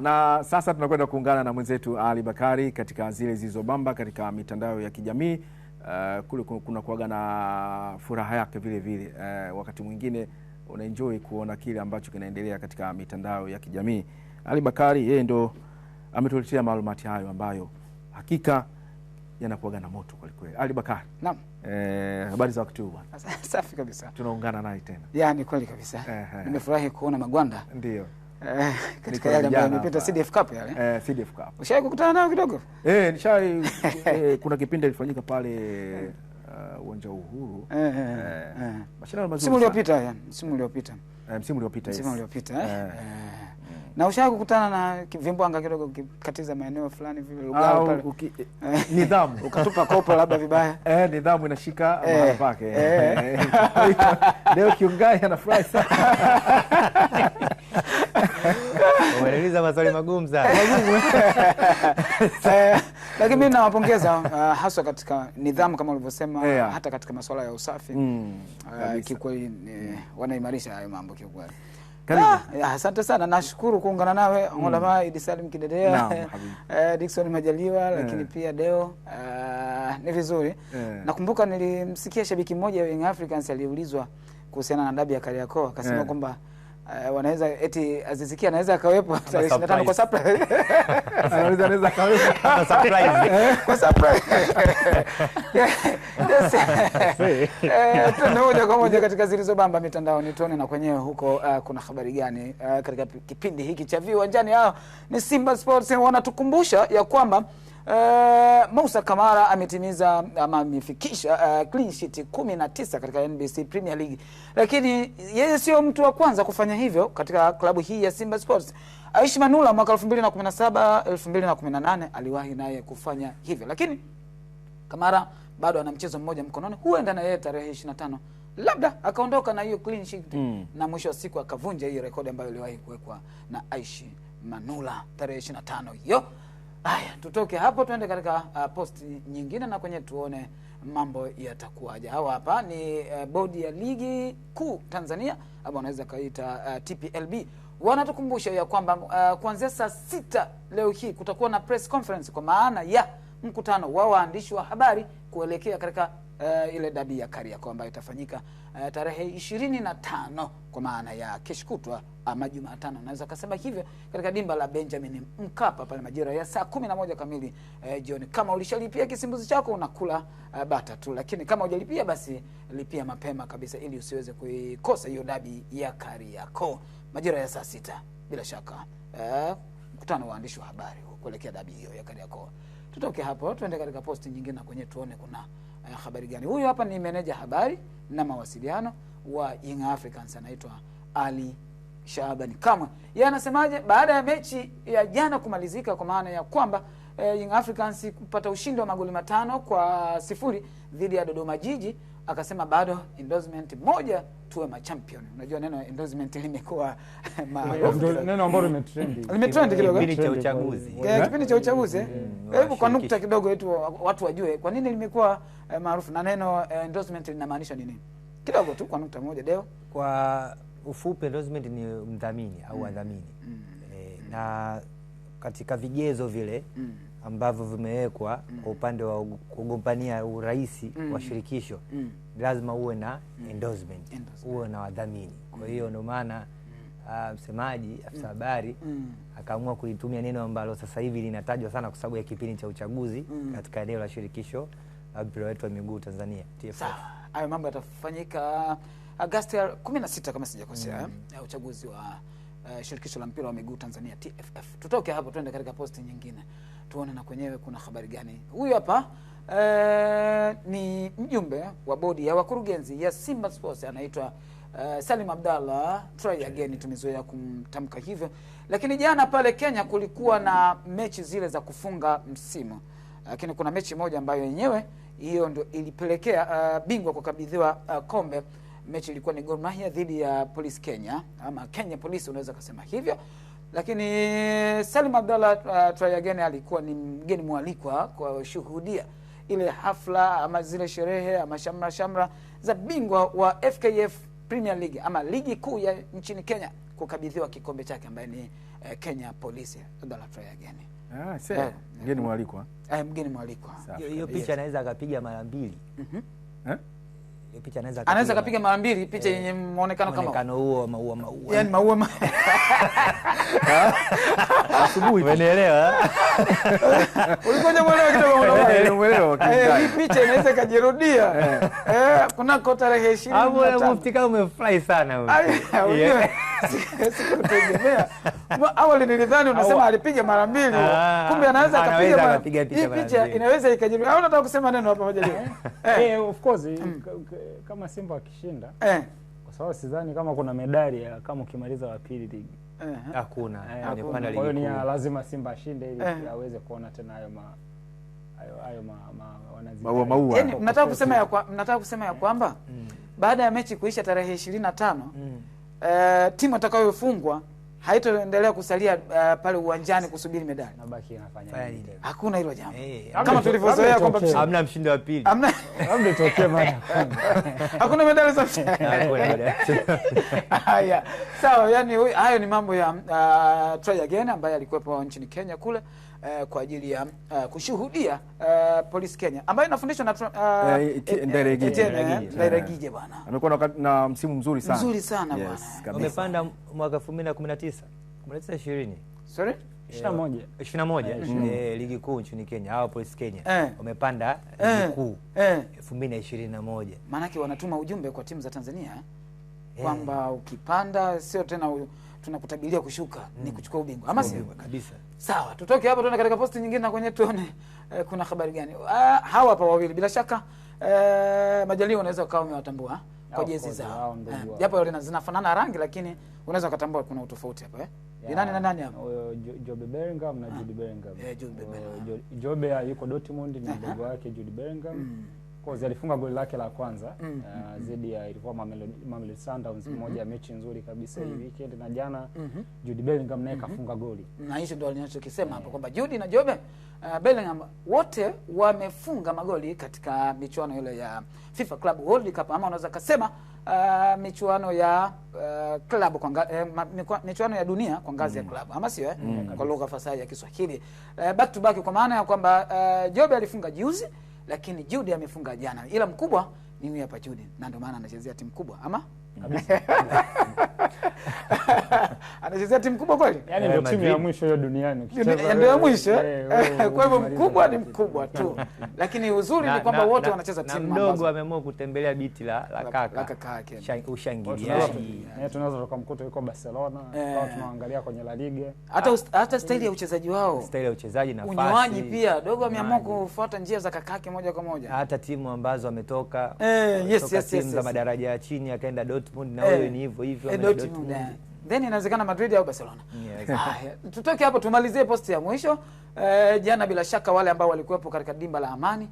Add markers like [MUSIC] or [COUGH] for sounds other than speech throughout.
Na sasa tunakwenda kuungana na mwenzetu Ali Bakari katika zile zilizobamba katika mitandao ya kijamii. Uh, kule kuna kuaga na furaha yake vile vile. Uh, wakati mwingine unaenjoy kuona kile ambacho kinaendelea katika mitandao ya kijamii. Ali Bakari yeye ndo ametuletea maalumati hayo ambayo hakika yanakuaga na moto kwelikweli. Ali Bakari. Naam. Eh, habari za wakati huu bwana? Safi kabisa. Tunaungana naye tena. Yaani kweli kabisa. Nimefurahi kuona Magwanda. Ndio. Eh, katika yale ambayo imepita CDF Cup yale. Eh, CDF Cup. Ushawahi kukutana nao kidogo? Eh, nishawahi eh, kuna kipindi ilifanyika pale uh, uwanja uh, Uhuru. Eh eh, eh, eh, eh. Mashindano mazuri. Msimu uliopita yani, msimu uliopita. Eh, msimu uliopita. Msimu uliopita. Eh. eh. Na ushawahi kukutana na vimbwanga kidogo kikatiza maeneo fulani vile pale. nidhamu. [LAUGHS] Ukatupa kopo labda vibaya. [LAUGHS] Eh, nidhamu inashika eh, mahali pake. Eh. [LAUGHS] Leo kiungai anafurahi sana. Waliuliza maswali magumu sana. [LAUGHS] Magumu. [LAUGHS] Eh, lakini mimi nawapongeza uh, haswa katika nidhamu kama ulivyosema yeah. Hata katika masuala ya usafi mm, uh, kiukweli wanaimarisha hayo mambo kiukweli. Ah, asante sana, nashukuru kuungana nawe mm. Ulama Idi Salim Kidedea uh, eh, Dickson Majaliwa yeah. Lakini pia Deo uh, ni vizuri yeah. Nakumbuka nilimsikia shabiki mmoja wa Young Africans aliulizwa kuhusiana na dabi ya Kariakoo akasema yeah. kwamba Eh, wanaweza eti azisikia anaweza akawepo kwa surprise, tuende moja kwa moja katika zilizobamba mitandaoni, tuone na kwenyewe huko uh, kuna habari gani uh, katika kipindi hiki cha viwanjani. Hao ah, ni Simba Sports wanatukumbusha ya kwamba Uh, eh, Musa Kamara ametimiza ama amefikisha uh, clean sheet 19 katika NBC Premier League, lakini yeye sio mtu wa kwanza kufanya hivyo katika klabu hii ya Simba Sports. Aishi Manula mwaka 2017 2018 aliwahi naye kufanya hivyo, lakini Kamara bado ana mchezo mmoja mkononi, huenda na yeye tarehe 25 labda akaondoka na hiyo clean sheet mm, na mwisho wa siku akavunja hiyo rekodi ambayo iliwahi kuwekwa na Aishi Manula tarehe 25 hiyo Haya, tutoke hapo tuende katika uh, post nyingine na kwenye tuone mambo yatakuwaje. Hawa hapa ni uh, bodi ya ligi kuu Tanzania ama wanaweza kaita uh, TPLB wanatukumbusha ya kwamba uh, kuanzia saa sita leo hii kutakuwa na press conference kwa maana ya mkutano wa waandishi wa habari kuelekea katika uh, ile dabi ya Kariakoo ambayo itafanyika uh, tarehe ishirini na tano kwa maana ya kesho kutwa ama Jumatano, naweza kasema hivyo, katika dimba la Benjamin Mkapa pale majira ya saa kumi na moja kamili uh, jioni. Kama ulishalipia kisimbuzi chako unakula uh, bata tu, lakini kama hujalipia basi lipia mapema kabisa ili usiweze kuikosa hiyo dabi ya Kariakoo majira ya saa sita bila shaka uh, mkutano wa waandishi wa habari kuelekea dabi hiyo ya Kariakoo. Tutoke hapo tuende katika posti nyingine na kwenye tuone kuna Eh, habari gani? Huyu hapa ni meneja habari na mawasiliano wa Young Africans, anaitwa Ali Shaabani Kamwe. Yeye anasemaje baada ya mechi ya jana kumalizika, kwa maana ya kwamba eh, Young Africans kupata ushindi wa magoli matano kwa sifuri dhidi ya Dodoma Jiji, akasema bado endorsement moja tuwe machampion. Unajua neno endorsement limekuwa [LAUGHS] neno ambalo limetrend limetrend kidogo eh? kipindi cha uchaguzi, eh, kipindi cha uchaguzi. Mm, mm, mm. Eh, hebu kwa nukta kidogo yetu watu wajue kwa nini limekuwa eh, maarufu na neno eh, endorsement linamaanisha nini, kidogo tu kwa nukta moja Deo, kwa ufupi endorsement ni mdhamini au wadhamini mm. mm. eh, na katika vigezo vile mm. ambavyo vimewekwa mm. kwa mm. upande wa kugombania urais mm. wa shirikisho mm. lazima uwe na mm. endorsement, endorsement. uwe na wadhamini kwa hiyo mm. ndio maana mm. Ah, msemaji uh, afisa mm. habari mm. akaamua kulitumia neno ambalo sasa hivi linatajwa sana kwa sababu ya kipindi cha uchaguzi mm. katika eneo la shirikisho la mpira wetu wa miguu Tanzania TFF. Hayo mambo yatafanyika Agosti 16 kama sijakosea, mm. Eh, uchaguzi wa uh, shirikisho la mpira wa miguu Tanzania TFF. Tutoke hapo tuende katika posti nyingine, tuone na kwenyewe kuna habari gani. Huyu hapa uh, ni mjumbe wa bodi ya wakurugenzi ya Simba Sports anaitwa Uh, Salim Abdallah try again, tumezoea kumtamka hivyo, lakini jana pale Kenya kulikuwa na mechi zile za kufunga msimu, lakini kuna mechi moja ambayo yenyewe hiyo ndio ilipelekea uh, bingwa kukabidhiwa uh, kombe mechi ilikuwa ni Gor Mahia dhidi ya Police Kenya ama Kenya Police, unaweza kusema hivyo. Lakini Salim Abdallah uh, try again alikuwa ni mgeni mwalikwa kwa shuhudia ile hafla ama zile sherehe ama shamra shamra za bingwa wa FKF Premier League ama ligi kuu ya nchini Kenya kukabidhiwa kikombe chake ambaye ni uh, Kenya Police. Abdallah try again Ah, yeah. Eh. Mgeni mwalikwa. Eh, mgeni mwalikwa. Hiyo picha anaweza akapiga mara mbili. Mhm. Eh? picha anaweza anaweza kapiga mara mbili picha eh, yenye eh, muonekano kama muonekano huo maua maua, yani maua yaani [LAUGHS] asubuhi. Umeelewa? Eh? [LAUGHS] mwelewa kidogo, eh, hii picha inaweza kajirudia eh kunako tarehe 20 hapo. Mufti kama umefurahi sana wewe. [LAUGHS] [LAUGHS] sikutegemea. Awali nilidhani unasema alipiga mara mbili, ah, kumbe anaweza akapiga. Hii picha inaweza ikajirudia. Au nataka kusema neno hapa moja leo? Eh, eh. eh, of course mm. kama Simba akishinda, eh kwa sababu sidhani kama kuna medali ya kama ukimaliza wa pili ligi eh. hakuna. ligi Kwa hiyo ni lazima Simba ashinde ili aweze kuona tena hayo ma hayo hayo ma, maua maua. Yaani, mnataka kusema ya kwa mnataka kusema ya kwamba mm. baada ya mechi kuisha tarehe 25 mm uh, timu atakayofungwa haitoendelea kusalia uh, pale uwanjani kusubiri medali, hakuna hilo jambo hey, eh, kama tulivyozoea kwamba hamna mshindi wa pili, [LAUGHS] hakuna medali za [LAUGHS] haya. Sawa, yani hayo ni mambo ya uh, ah, try again ambaye alikuwepo nchini Kenya kule eh, kwa ajili ya eh, kushuhudia eh, Polisi Kenya ambayo inafundishwa na eh, eh, eh, Ndairegije bwana. Amekuwa na msimu mzuri sana mzuri sana bwana, Umepanda mwaka 2019 19 20 sorry 21 21 mm. ligi kuu nchini Kenya, hawa Polisi Kenya wamepanda ligi kuu 2021. Maanake wanatuma ujumbe kwa timu za Tanzania kwamba mm. ukipanda sio tena tunakutabilia kushuka mm. ni kuchukua ubingwa ama sio? Kabisa. Sawa, tutoke hapa tuende katika posti nyingine na kwenye tuone eh, kuna habari gani ah, hawa hapa wawili bila shaka eh, majalio unaweza ukawa umewatambua eh, kwa jezi zao eh, japo eh, zinafanana rangi, lakini unaweza ukatambua kuna utofauti hapa eh? Yeah. Nani na nani hapa? Jobe Bellingham na ah. Jude Bellingham. Eh, Jobe ah, yuko Dortmund, ni mdogo [LAUGHS] wake Jude Bellingham. Mm course alifunga goli lake la kwanza mm. Uh, mm. mm. ya ilikuwa Mamelodi, Sundowns mm moja ya mechi nzuri kabisa hii mm-hmm. weekend na jana mm-hmm. Jude Bellingham naye kafunga goli na hicho ndio ninachokisema hapo eh. kwamba Jude na Jobe uh, Bellingham wote wamefunga magoli katika michuano ile ya FIFA Club World Cup ama unaweza kusema uh, michuano ya uh, klabu kwa eh, michuano ya dunia kwa ngazi mm. ya klabu ama sio eh? mm. kwa lugha fasaha ya Kiswahili uh, back to back kwa maana ya kwamba uh, Jobe alifunga juzi lakini Jude amefunga jana, ila mkubwa ni huyu hapa Jude, na ndio maana anachezea timu kubwa ama kabisa [LAUGHS] [LAUGHS] anachezea timu kubwa kweli, yani eh, ndio timu ya mwisho hiyo duniani, ndio ya eh, mwisho. Eh, [LAUGHS] kwa hivyo mkubwa ni mkubwa tu, [LAUGHS] lakini uzuri ni kwamba wote wanacheza timu. Mdogo ameamua kutembelea biti la la kaka, ushangiliaji tunaweza tukamkuta yuko Barcelona, kwa tunaangalia kwenye La Liga, hata hata staili ya uchezaji wao, staili ya uchezaji na unywaji pia. Dogo ameamua kufuata njia za kaka yake moja kwa moja, hata timu ambazo ametoka, eh, yes yes yes, timu za madaraja ya chini akaenda Dortmund, na huyo ni hivyo hivyo timu then inawezekana Madrid au Barcelona. Yes. Haya, tutoke hapo tumalizie posti ya mwisho. E, jana bila shaka wale ambao walikuwepo katika dimba la Amani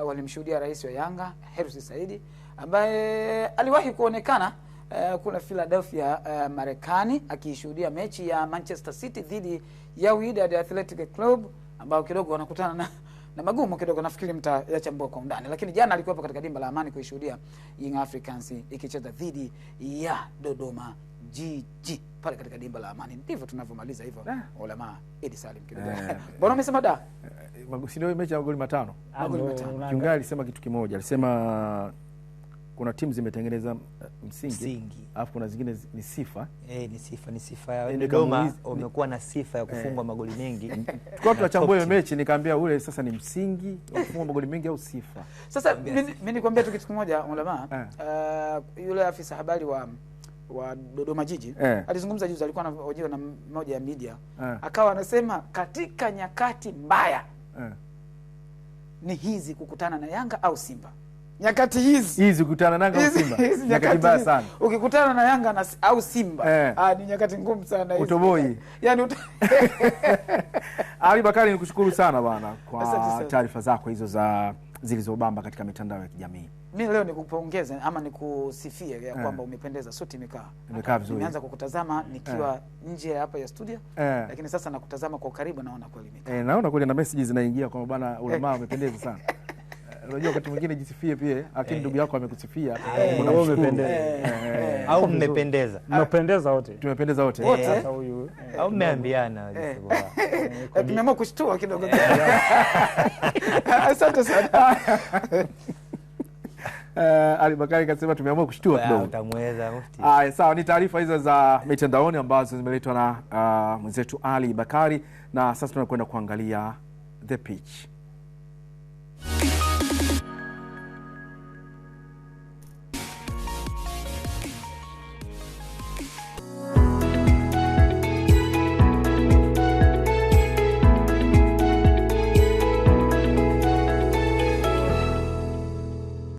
uh, walimshuhudia rais wa Yanga Hersi Saidi ambaye aliwahi kuonekana uh, kule Philadelphia uh, Marekani akiishuhudia mechi ya Manchester City dhidi ya Wydad Athletic Club ambao kidogo wanakutana na na magumu kidogo, nafikiri mtayachambua kwa undani, lakini jana alikuwepo katika dimba la Amani kuishuhudia Young Africans ikicheza dhidi ya Dodoma Jiji pale katika dimba la Amani. Ndivyo tunavyomaliza hivyo ulamaa ah. Idi Salim eh. kidogo [LAUGHS] mbona umesema da? Eh, eh, sindio mechi ya magoli matano. Kiungali alisema kitu kimoja, alisema kuna timu zimetengeneza eh, msingi alafu kuna zingine ni sifa e, ni sifa ni sifa. Dodoma umekuwa na sifa ya eh. kufungwa e, magoli mengi tukawa [LAUGHS] tunachambua hiyo mechi nikaambia ule sasa ni msingi wa kufungwa magoli mengi au sifa. Sasa mimi nikwambia tu kitu kimoja ulama uh, yule afisa habari wa wa Dodoma Jiji eh, alizungumza juzi, alikuwa anahojiwa na moja ya media eh, akawa anasema katika nyakati mbaya eh, ni hizi kukutana na Yanga au Simba nyakati hizi hizi ukikutana sana. Ukikutana na Yanga au Simba eh, ah, ni nyakati ngumu sana hizi. Utoboi [LAUGHS] yani [LAUGHS] Ali Bakari, sana bana kwa taarifa zako hizo za zilizobamba katika mitandao ya kijamii. mi leo nikupongeze ama nikusifie ya eh. kwamba eh, umependeza, suti imekaa imekaa vizuri. Nimeanza kukutazama nikiwa eh, nje hapa ya studio eh, lakini sasa nakutazama kwa karibu, naona kweli eh, naona kweli na message zinaingia kwamba bana eh. Ulamaa umependeza sana [LAUGHS] unajua wakati mwingine jisifie pia, lakini eh. ndugu yako amekusifia, eh. eh, au mmependeza, ah. mmependeza wote, tumependeza wote huyu, au mmeambiana, [LAUGHS] tumeamua kushtua kidogo. [LAUGHS] Asante sana. Uh, [LAUGHS] Ali Bakari kasema tumeamua kushtua ah, kidogo. Haya, sawa, ni taarifa hizo za mitandaoni ambazo zimeletwa na uh, mwenzetu Ali Bakari, na sasa tunakwenda kuangalia the pitch.